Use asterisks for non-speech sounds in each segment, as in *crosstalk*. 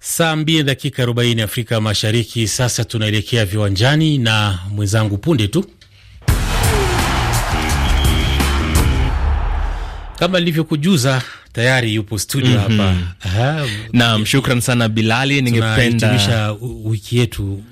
Saa mbili dakika arobaini Afrika Mashariki. Sasa tunaelekea viwanjani na mwenzangu punde tu kama nilivyokujuza tayari yupo studio hapa. Mhm. Naam, shukran sana Bilali, ningependa wiki yetu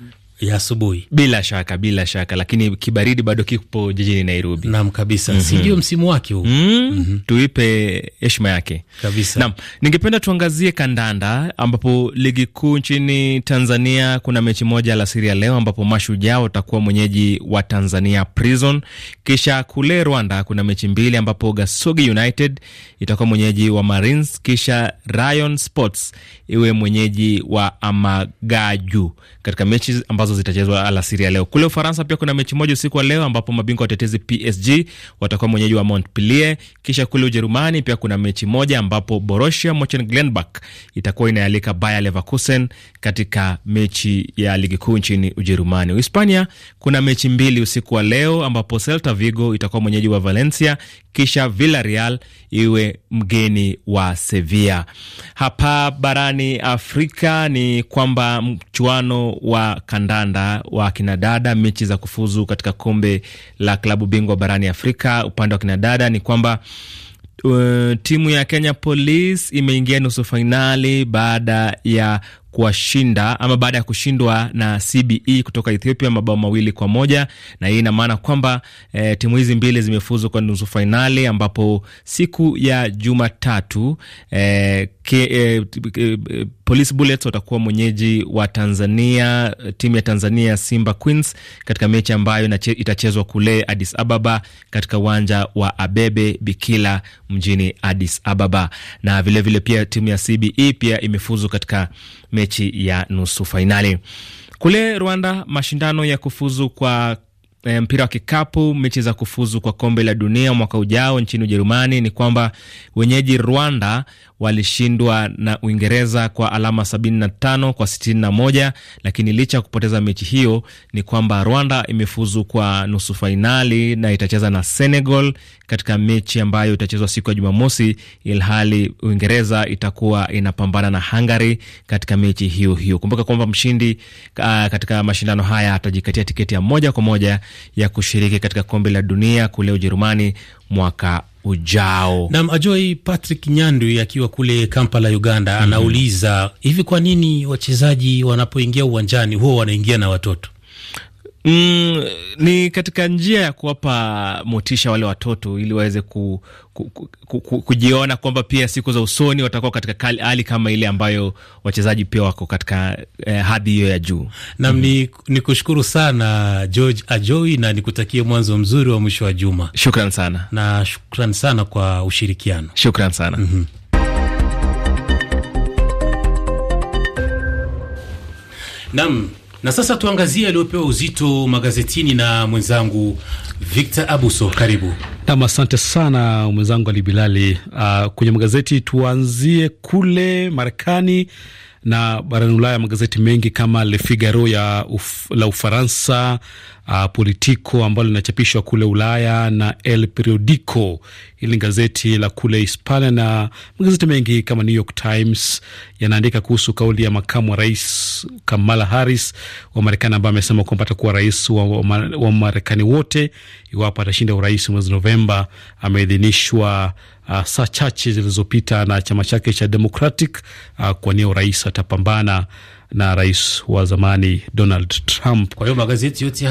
ya asubuhi. Bila shaka, bila shaka, lakini kibaridi bado kipo jijini Nairobi. Naam kabisa. mm -hmm. Sijui msimu wake huu. mm, mm -hmm. Tuipe heshima yake kabisa. Naam, ningependa tuangazie kandanda ambapo ligi kuu nchini Tanzania kuna mechi moja alasiri ya leo ambapo Mashujaa watakuwa mwenyeji wa Tanzania Prison, kisha kule Rwanda kuna mechi mbili ambapo Gasogi United itakuwa mwenyeji wa Marines, kisha Rayon Sports iwe mwenyeji wa Amagaju katika mechi ambazo ambazo zitachezwa alasiri ya leo. Kule Ufaransa pia kuna mechi moja usiku wa leo ambapo mabingwa watetezi PSG watakuwa mwenyeji wa Montpellier. Kisha kule Ujerumani pia kuna mechi moja ambapo Borussia Monchengladbach itakuwa inayalika Bayer Leverkusen katika mechi ya ligi kuu nchini Ujerumani. Uhispania kuna mechi mbili usiku wa leo ambapo Celta Vigo itakuwa mwenyeji wa Valencia, kisha Villarreal iwe mgeni wa Sevilla. Hapa barani Afrika ni kwamba mchuano wa kandanda wa kinadada mechi za kufuzu katika kombe la klabu bingwa barani Afrika upande wa kinadada ni kwamba Uh, timu ya Kenya Police imeingia nusu fainali baada ya kuwashinda ama baada ya kushindwa na CBE kutoka Ethiopia mabao mawili kwa moja, na hii ina maana kwamba e, timu hizi mbili zimefuzu kwa nusu fainali, ambapo siku ya Jumatatu eh, e, Police Bullets watakuwa mwenyeji wa Tanzania, timu ya Tanzania Simba Queens katika mechi ambayo itachezwa kule Addis Ababa katika uwanja wa Abebe Bikila mjini Addis Ababa. Na vilevile vile pia timu ya CBE pia imefuzu katika mechi ya nusu fainali. Kule Rwanda, mashindano ya kufuzu kwa eh, mpira wa kikapu, mechi za kufuzu kwa kombe la dunia mwaka ujao nchini Ujerumani, ni kwamba wenyeji Rwanda walishindwa na Uingereza kwa alama 75 kwa 61, lakini licha ya kupoteza mechi hiyo ni kwamba Rwanda imefuzu kwa nusu fainali na itacheza na Senegal katika mechi ambayo itachezwa siku ya Jumamosi, ilhali Uingereza itakuwa inapambana na Hungary katika mechi hiyo hiyo. Kumbuka kwamba mshindi uh, katika mashindano haya atajikatia tiketi ya moja kwa moja ya kushiriki katika kombe la dunia kule Ujerumani mwaka ujao. Nam ajoi Patrick Nyandwi akiwa kule Kampala, Uganda, mhm. anauliza mm -hmm. hivi kwa nini wachezaji wanapoingia uwanjani huwa wanaingia na watoto? Mm, ni katika njia ya kuwapa motisha wale watoto ili waweze ku, ku, ku, ku, kujiona kwamba pia siku za usoni watakuwa katika hali kama ile ambayo wachezaji pia wako katika eh, hadhi hiyo ya juu nam mm ni, Ni kushukuru sana George Ajoi na nikutakie mwanzo mzuri wa mwisho wa juma. Shukran sana na shukran sana kwa ushirikiano. Shukran sana mm -hmm. nam na sasa tuangazie aliopewa uzito magazetini na mwenzangu Victor Abuso, karibu nam. Asante sana mwenzangu Ali Bilali. Uh, kwenye magazeti tuanzie kule Marekani na barani Ulaya magazeti mengi kama Le Figaro ya uf, la Ufaransa, uh, Politico ambalo linachapishwa kule Ulaya na El Periodico, hili gazeti la kule Hispania, na magazeti mengi kama New York Times yanaandika kuhusu kauli ya makamu wa rais Kamala Harris wa Marekani ambaye amesema kwamba atakuwa rais wa, wa Marekani wote iwapo atashinda urais mwezi Novemba. Ameidhinishwa uh, saa chache zilizopita na chama chake cha Democratic uh, ah, kuwania urais atapambana na rais wa zamani Donald Trump. Kwa hiyo magazeti yote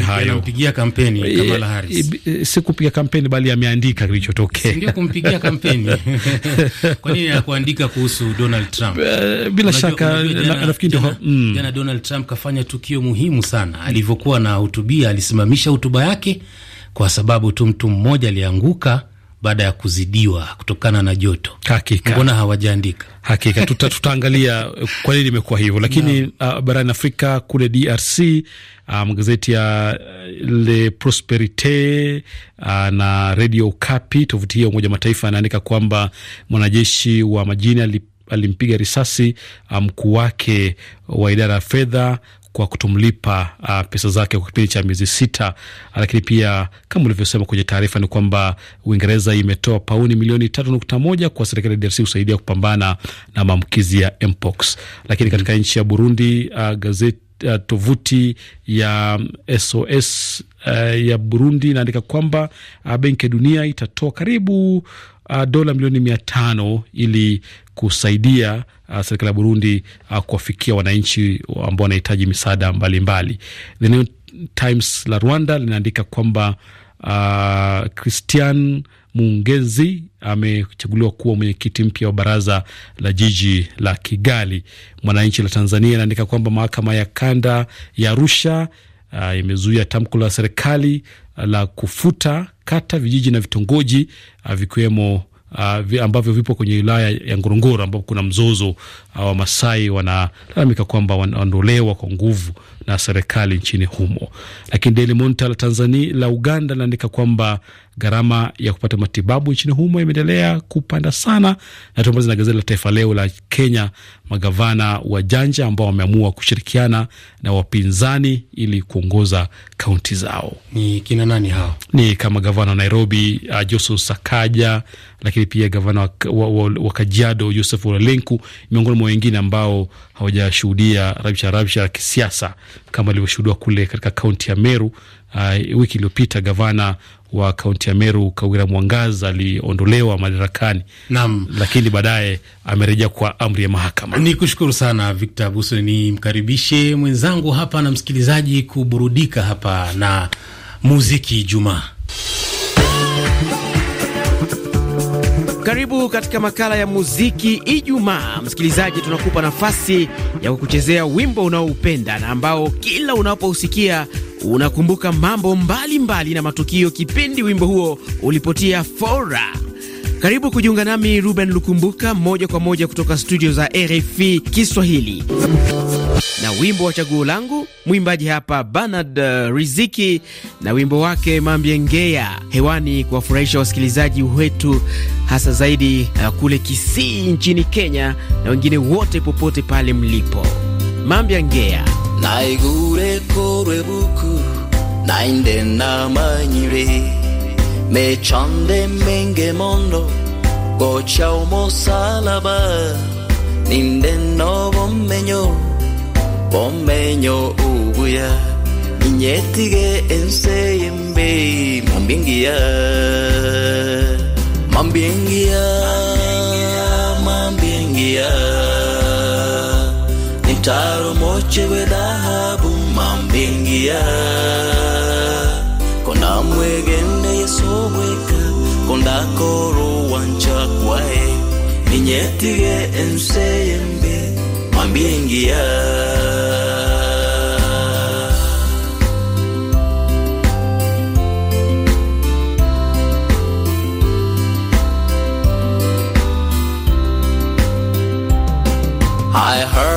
hayo yanampigia kampeni eh, Kamala Harris. Eh, eh, si kupiga kampeni bali ameandika kilichotokea. Ndio kumpigia kampeni. *laughs* Kwa nini ya kuandika kuhusu Donald Trump? Bila shaka nafikiri ndio mm. jana, Donald Trump kafanya tukio muhimu sana alivyokuwa na hutubia, alisimamisha hutuba yake kwa sababu tu mtu mmoja alianguka baada ya kuzidiwa kutokana na joto. Hakika mbona hawajaandika? Hakika *laughs* tuta, tutaangalia eh, kwa nini imekuwa hivyo, lakini no. uh, ah, barani Afrika kule DRC ah, magazeti um, ya eh, Le Prosperite uh, na redio Ukapi, tovuti hii Umoja Mataifa anaandika kwamba mwanajeshi wa majini alimpiga risasi mkuu um, wake wa idara ya fedha kwa kutomlipa uh, pesa zake kwa kipindi cha miezi sita. Ah, lakini pia kama ulivyosema kwenye taarifa ni kwamba Uingereza imetoa pauni milioni tatu nukta moja kwa serikali ya DRC kusaidia kupambana na maambukizi ya mpox. Lakini mm-hmm. katika nchi ya Burundi uh, gazeti Uh, tovuti ya SOS mm, uh, ya Burundi inaandika kwamba uh, Benki ya Dunia itatoa karibu uh, dola milioni mia tano ili kusaidia uh, serikali ya Burundi uh, kuwafikia wananchi ambao wanahitaji misaada mbalimbali. The New Times la Rwanda linaandika kwamba uh, Christian Mungezi amechaguliwa kuwa mwenyekiti mpya wa baraza la jiji la Kigali. Mwananchi la Tanzania inaandika kwamba mahakama ya kanda ya Arusha Uh, imezuia tamko la serikali la kufuta kata, vijiji na vitongoji ah, vikiwemo Uh, ambavyo vipo kwenye wilaya ya Ngorongoro ambapo kuna mzozo uh, wa Masai wanalalamika kwamba wanaondolewa kwa nguvu na serikali nchini humo. Lakini Daily Monitor la Tanzania la Uganda linaandika kwamba Gharama ya kupata matibabu nchini humo imeendelea kupanda sana, na tuambazi na gazeti la Taifa Leo la Kenya, magavana wa janja ambao wameamua kushirikiana na wapinzani ili kuongoza kaunti zao. Ni kina nani hao? Ni kama gavana wa Nairobi uh, Johnson Sakaja, lakini pia gavana wa, wa, wa, wa Kajiado Joseph Olelenku, miongoni mwa wengine ambao hawajashuhudia rabsha rabsha ya kisiasa kama ilivyoshuhudiwa kule katika kaunti ya Meru Uh, wiki iliyopita gavana wa kaunti ya Meru Kawira Mwangaza aliondolewa madarakani. nam, Lakini baadaye amerejea kwa amri ya mahakama. Ni kushukuru sana Victor Buso, ni mkaribishe mwenzangu hapa na msikilizaji kuburudika hapa na muziki Ijumaa. Karibu katika makala ya muziki Ijumaa. Msikilizaji, tunakupa nafasi ya kukuchezea wimbo unaoupenda na ambao kila unapousikia unakumbuka mambo mbalimbali mbali na matukio kipindi wimbo huo ulipotia fora. Karibu kujiunga nami Ruben Lukumbuka moja kwa moja kutoka studio za RFI Kiswahili na wimbo wa chaguo langu. Mwimbaji hapa Bernard uh, Riziki na wimbo wake Mambiengea hewani kuwafurahisha wasikilizaji wetu hasa zaidi uh, kule Kisii nchini Kenya na wengine wote popote pale mlipo. Mambiengea naigureko rwebuku nainde namanyire mechonde menge mondo gocha omosalaba ninde no bomenyo bomenyo ubuya inyetige enseyembe mambingiya mambingiya mambingiya nitaro chewe dhahabu mambingia kona mwegende yesoweka kondakoro wancha kwae ninyetige enseyembe mambingia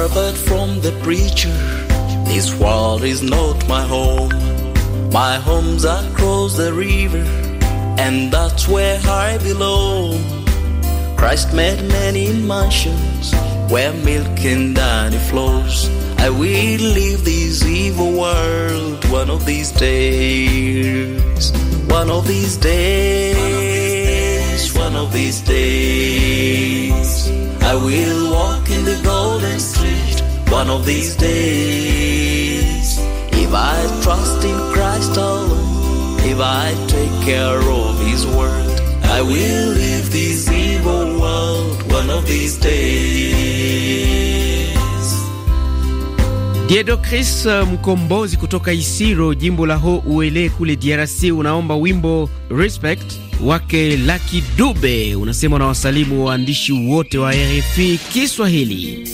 heard from the preacher. This world is not my home. My home's across the river, and that's where I belong. Christ made many mansions where milk and honey flows. I will leave this evil world one of these days. One of these days, one of these days, I will walk in the garden. one of these days. If I trust in Christ alone, if I take care of His word, I will leave this evil world one of these days. Diedo Chris uh, mkombozi kutoka Isiro, jimbo la Ho Uele kule DRC, unaomba wimbo Respect wake Lucky Dube, unasema na wasalimu waandishi wote wa RFI Kiswahili.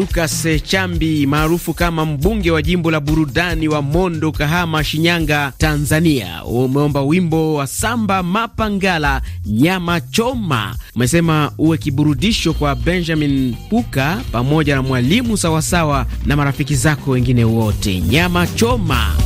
Lucas Chambi maarufu kama mbunge wa jimbo la burudani wa Mondo, Kahama, Shinyanga, Tanzania, umeomba wimbo wa Samba Mapangala nyama choma. Umesema uwe kiburudisho kwa Benjamin Puka pamoja na mwalimu sawasawa na marafiki zako wengine wote. Nyama choma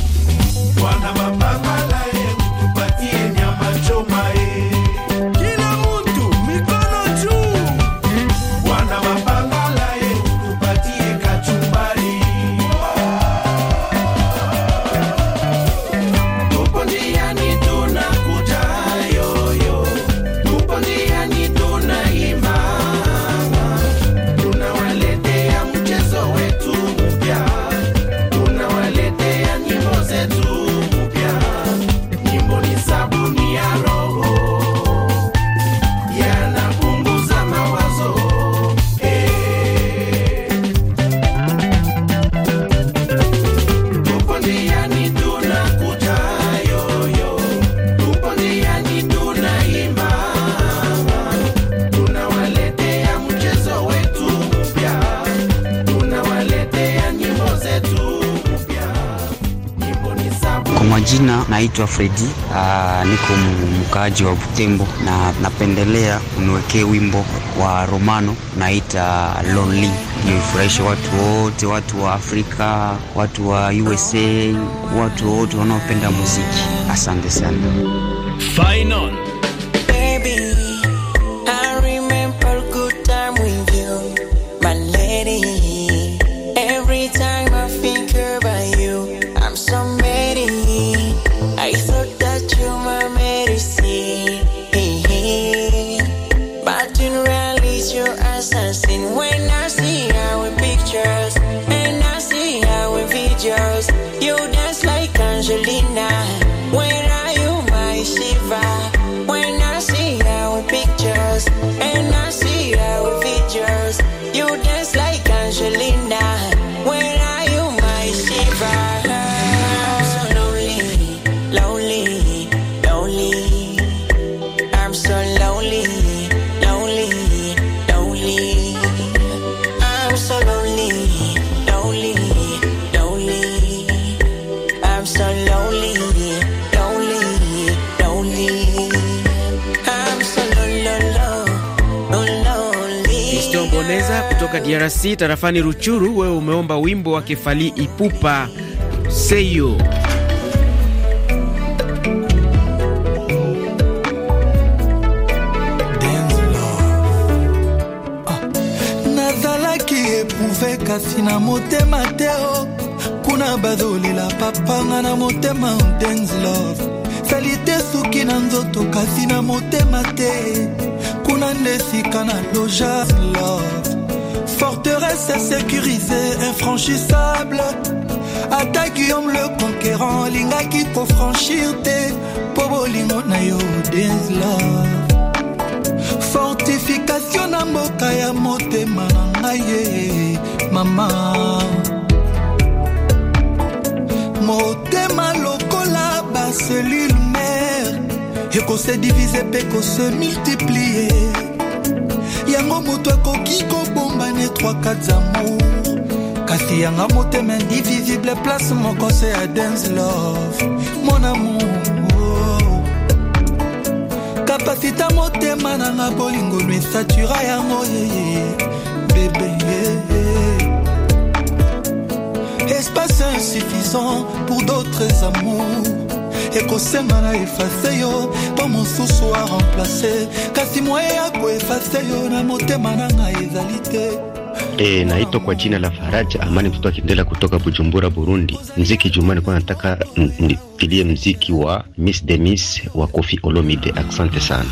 Naitwa Fredi, ah, niko mkaaji wa Butembo na napendelea uniwekee wimbo wa Romano naita Lonely, ndio ifurahishe watu wote, watu wa Afrika, watu wa USA, watu wote wanaopenda muziki. Asante sana Final. Kiingereza kutoka DRC tarafani Ruchuru. Wewe umeomba wimbo wa Kefali Ipupa Seyo. Sina motema teo kuna bazolela papanga na motema dance love sali suki na nzoto kasi na motema te kuna sika na loja love Forteresse sécurisée, infranchissable. attaque guillaume le conquérant qui qui te mpo Pobolimo na yo densla fortification na ya motema na ngai ye mama motema lokola qu'on mare ekose divise qu'on se multiplie yango moto akoki kobo Trois quatre amour kasi yanga indivisible place moko se dance love mon amour kapasita motema bolingo lui satura yango Bébé espace insuffisant pour d'autres amours mon mon efface yo mon soir remplacé. kasi moi à yo na E, naitwa kwa jina la Faraja Amani, mtoto akindela kutoka Bujumbura, Burundi. Mziki jumani kwa nataka nitilie mziki wa Miss Demis wa Kofi Olomide. Asante sana.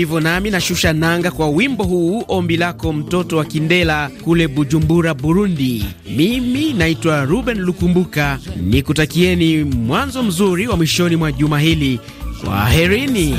ndivyo nami nashusha nanga kwa wimbo huu, ombi lako mtoto wa Kindela kule Bujumbura, Burundi. Mimi naitwa Ruben Lukumbuka, nikutakieni mwanzo mzuri wa mwishoni mwa juma hili. Kwaherini.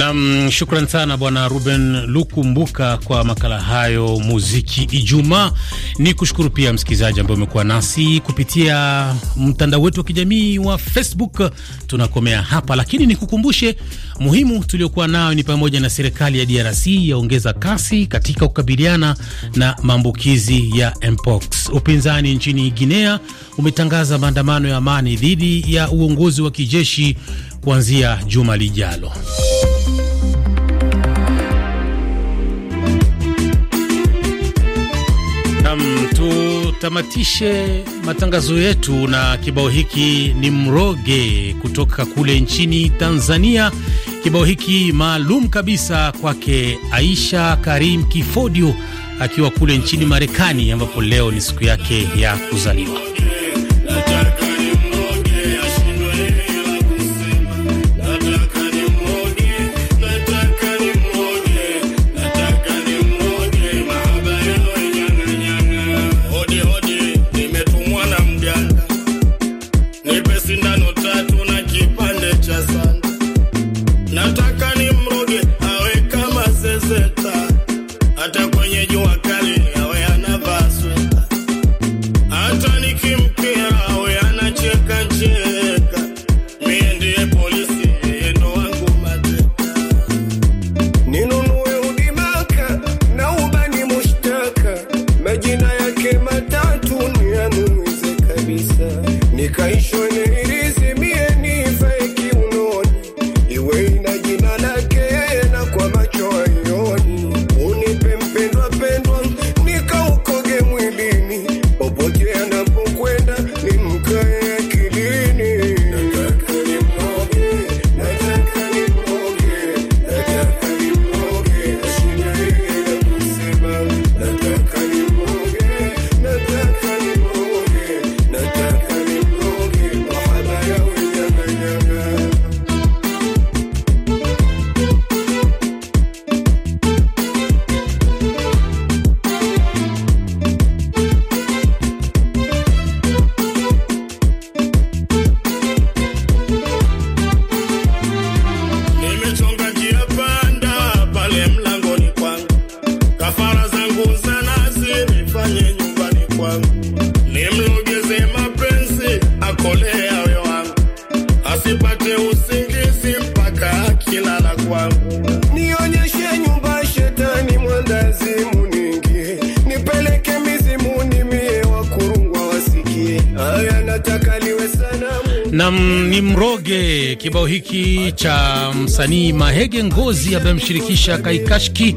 Nam, shukran sana Bwana Ruben Lukumbuka kwa makala hayo muziki Ijumaa. Ni kushukuru pia msikilizaji ambaye umekuwa nasi kupitia mtandao wetu wa kijamii wa Facebook. Tunakomea hapa, lakini nikukumbushe muhimu tuliokuwa nayo ni pamoja na serikali ya DRC yaongeza kasi katika kukabiliana na maambukizi ya mpox. Upinzani nchini Guinea umetangaza maandamano ya amani dhidi ya uongozi wa kijeshi kuanzia juma lijalo. Nam, tutamatishe matangazo yetu na kibao hiki ni mroge kutoka kule nchini Tanzania. Kibao hiki maalum kabisa kwake Aisha Karim Kifodio akiwa kule nchini Marekani ambapo leo ni siku yake ya kuzaliwa. Nam ni mroge kibao hiki cha msanii Mahege Ngozi ambaye amshirikisha Kaikashki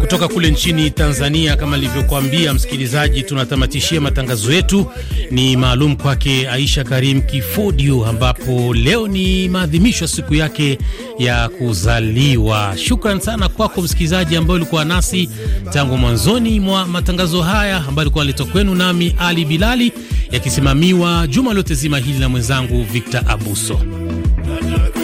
kutoka kule nchini Tanzania. Kama alivyokuambia msikilizaji, tunatamatishia matangazo yetu, ni maalum kwake Aisha Karim Kifodio, ambapo leo ni maadhimisho ya siku yake ya kuzaliwa. Shukran sana kwako msikilizaji ambaye ulikuwa nasi tangu mwanzoni mwa matangazo haya ambayo alikuwa analetwa kwenu nami Ali Bilali, yakisimamiwa juma lote zima hili na mwenzangu Victor Abuso.